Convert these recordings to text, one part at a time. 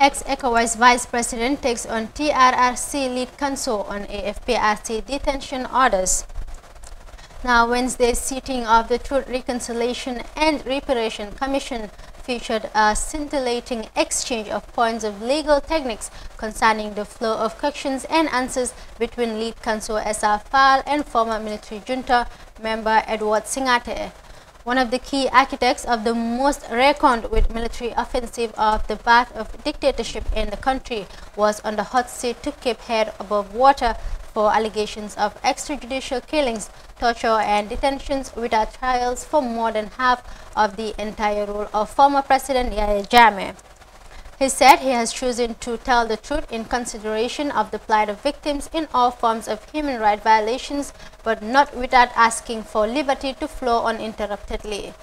Ex-ECOWAS Vice President takes on TRRC lead counsel on AFPRC detention orders. Now, Wednesday's sitting of the Truth, Reconciliation and Reparation Commission featured a scintillating exchange of points of legal techniques concerning the flow of questions and answers between lead counsel SR Fal and former military junta member Edward Singate one of the key architects of the most reckoned with military offensive of the back of dictatorship in the country, was on the hot seat to keep head above water for allegations of extrajudicial killings, torture and detentions without trials for more than half of the entire rule of former President Yahya Jammeh. He said he has chosen to tell the truth in consideration of the plight of victims in all forms of human rights violations, but not without asking for liberty to flow uninterruptedly.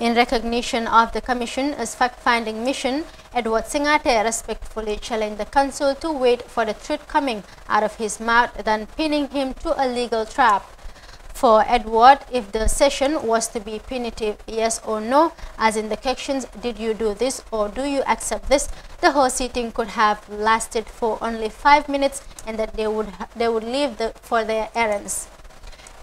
In recognition of the Commission's fact-finding mission, Edward Singate respectfully challenged the Council to wait for the truth coming out of his mouth than pinning him to a legal trap for Edward if the session was to be punitive, yes or no, as in the questions, did you do this or do you accept this? The whole sitting could have lasted for only five minutes and that they would, they would leave the, for their errands.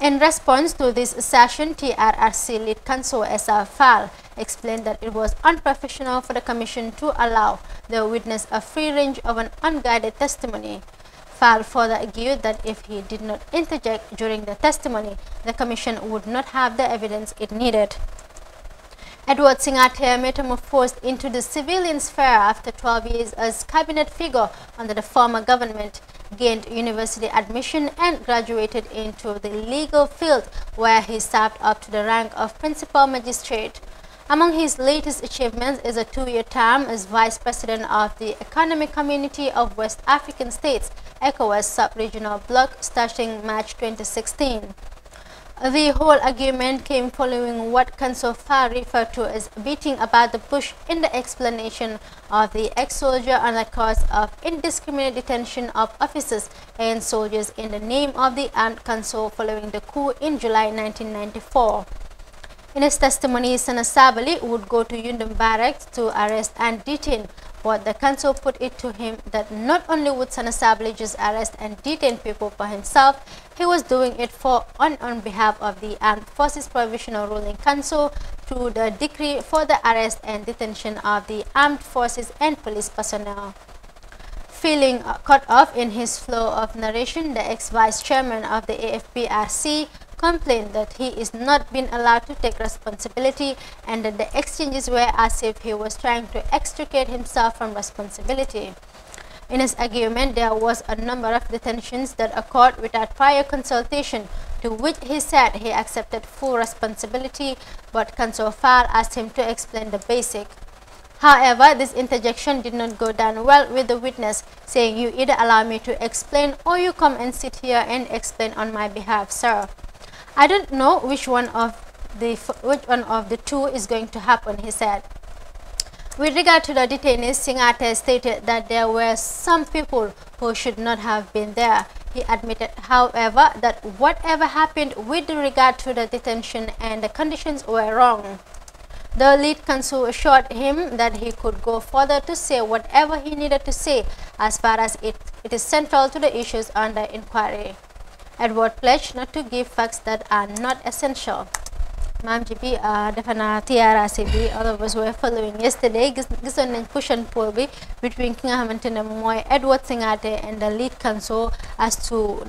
In response to this session, TRRC lead counsel SR Fal explained that it was unprofessional for the Commission to allow the witness a free range of an unguided testimony. Far further argued that if he did not interject during the testimony, the Commission would not have the evidence it needed. Edward Singate metamorphosed into the civilian sphere after 12 years as cabinet figure under the former government, gained university admission and graduated into the legal field where he served up to the rank of principal magistrate. Among his latest achievements is a two-year term as Vice President of the Economic Community of West African States, ECOWAS Sub-Regional Bloc, starting March 2016. The whole argument came following what can so far referred to as beating about the bush in the explanation of the ex-soldier on the cause of indiscriminate detention of officers and soldiers in the name of the armed council following the coup in July 1994. In his testimony, Sana Sabali would go to Yundum Barracks to arrest and detain, but the council put it to him that not only would Sana Sabali just arrest and detain people for himself, he was doing it for on, on behalf of the Armed Forces Provisional Ruling Council through the decree for the arrest and detention of the armed forces and police personnel. Feeling cut off in his flow of narration, the ex-vice chairman of the AFPRC complained that he is not being allowed to take responsibility and that the exchanges were as if he was trying to extricate himself from responsibility. In his argument, there was a number of detentions that occurred without prior consultation, to which he said he accepted full responsibility but counsel so far asked him to explain the basic. However, this interjection did not go down well with the witness, saying, you either allow me to explain or you come and sit here and explain on my behalf, sir. I don't know which one of the which one of the two is going to happen, he said. With regard to the detainees, Singate stated that there were some people who should not have been there. He admitted, however, that whatever happened with regard to the detention and the conditions were wrong. The lead counsel assured him that he could go further to say whatever he needed to say as far as it, it is central to the issues under inquiry what pledge not to give facts that are not essential maam ji bi defe naa all of us were following yesterday gis gisoon nañ push and pull bi between Kinga nga and ne Edward Singate and the lead counsel as to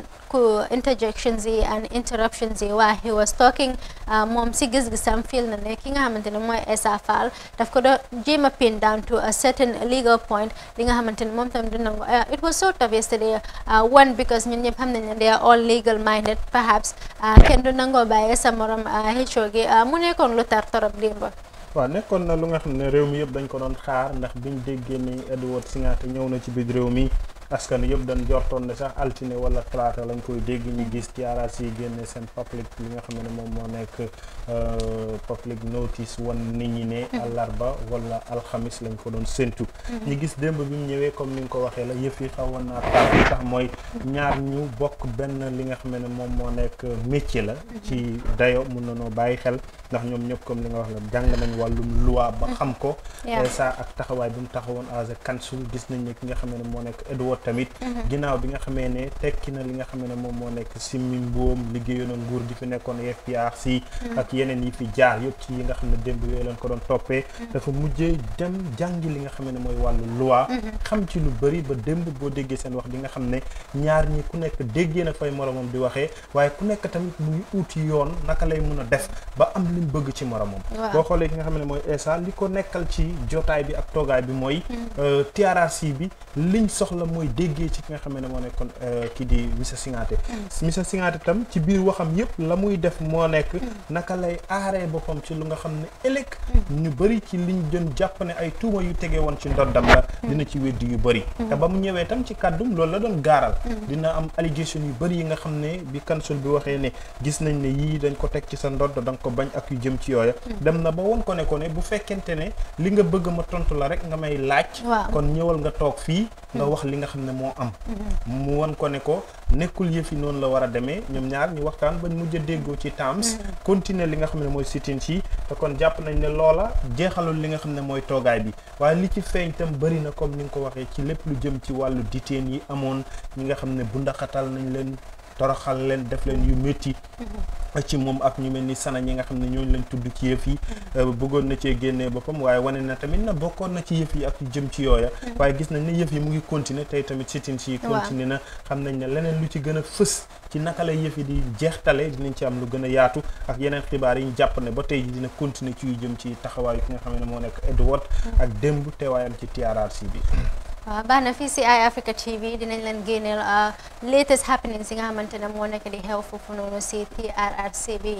interjections and interruptions yi he was talking Mom Sigis gis-gisam feel na ne ki and xamante ne They've got a ko a pin down to a certain legal point li nga uh, it was sort of yesterday uh, one because they are all legal minded perhaps uh, kenn du nangoo by sa morom H O G. gi ah, mu nekkoon lu tar torop démb. waaw nekkoon na lu nga xam ne réew mi yëpp dañ ko doon xaar ndax biñ déggee ni Edward Singate ñëw na ci biir réew mi. askan yëpp dañ jortoon ne sax altine wala talaata lañ koy dégg ñu gis ci aras yi génne seen public li nga xam ne moom moo nekk euh, public notice wan ni ñi ne àllarba wala alxamis lañ ko doon séntu mhm. ñu gis démb bi mu ñëwee comme ni nga ko waxee la yëf yi xawoon naa taal sax mooy ñaar ñu bokk benn li nga xam ne moom moo nekk métier la mhm. ci dayo mun na noo bàyyi xel ndax ñoom ñëpp comme li nga wax la jàng nañ wàllum loi ba mhm. xam ko sa ak taxawaay bi mu taxawoon as a gis nañ ne ki nga xam ne moo nekk Edward tamit mhm. ginnaaw bi nga xamee ne tekki na li nga xamee ne moom moo nekk si Mboum liggéeyoon ak nguur gi fi nekkoon FPRC mhm. ak yeneen yi fi jaar yëpp ci yi nga xam ne démb yooyu leen ko doon toppee mhm. dafa mujjee dem jàngi li nga xamee mooy wàllu loi xam ci lu bëri ba démb boo déggee seen wax di nga xam ne ñaar ñi ku nekk déggee na fay moromam di waxee waaye ku nekk tamit muy uuti yoon naka lay mun a def ba am li mu bëgg ci moromam boo xoolee ki nga xam ne mooy Essa li ko nekkal ci jootaay bi ak toogaay bi mooy euh, TRRC bi liñ soxla mooy déggee ci ki nga xam ne moo nekkoon euh, kii di monsieur Singaate monsieur mm. Singaate tam ci biir waxam yëpp la muy def moo nekk mm. naka lay aaree boppam ci lu nga xam ne ëllëg mm. ñu bëri ci liñ doon jàpp ne ay tuuma yu tegee woon ci ndoddam la dina ci weddi yu bari te ba mu ñëwee tam ci kàddum loolu la doon gaaral dina am allégation yu bari yi nga xam ne bi kansul bi waxee ne gis nañ ne yii dañ ko teg ci sa ndodd da nga ko bañ ak yu jëm ci yooya dem na ba woon ko ne ne bu fekkente ne li nga bëgg ma tontu la rek nga may xam ne moo am mu won ko ne ko nekkul yëf yi noonu la war a demee ñoom ñaar ñu waxtaan bañ mujj a déggoo ci Tams mm-hmm. continuer li nga xam ne mooy sitin si te kon jàpp nañ ne loola jeexalul li nga xam ne mooy toogaay bi waaye li ci feeñ tam bëri na comme ni nga ko waxee ci lépp lu jëm ci wàllu diteen yi amoon ñi nga xam ne bundaxatal nañ leen toroxal leen def leen yu métti mm-hmm. ci moom ak ñu mel ni sana ñi nga xam ne ñooñu lañ tudd ci yëf yi mm-hmm. euh, bëggoon na cee génnee boppam waaye wane na tamit na bokkoon na ci yëf yi ak jëm ci yooya mm-hmm. waaye gis nañ ne yëf yi mu ngi continuer tey tamit sitin si continuer na xam nañ ne leneen lu ci gën a fës ci naka la yëf yi di jeextale dinañ ci am lu gën a yaatu ak yeneen xibaar yi ñu jàpp ne ba tey dina continuer ci jëm ci taxawaayu ki nga xam ne moo nekk Edward mm-hmm. ak démb teewaayam ci TRRC bi waaw ah, baax na fii si Eye Africa TV dinañ leen génneel ah, latest happenings yi nga xamante ne moo nekk di xew foofu noonu si TRRC bi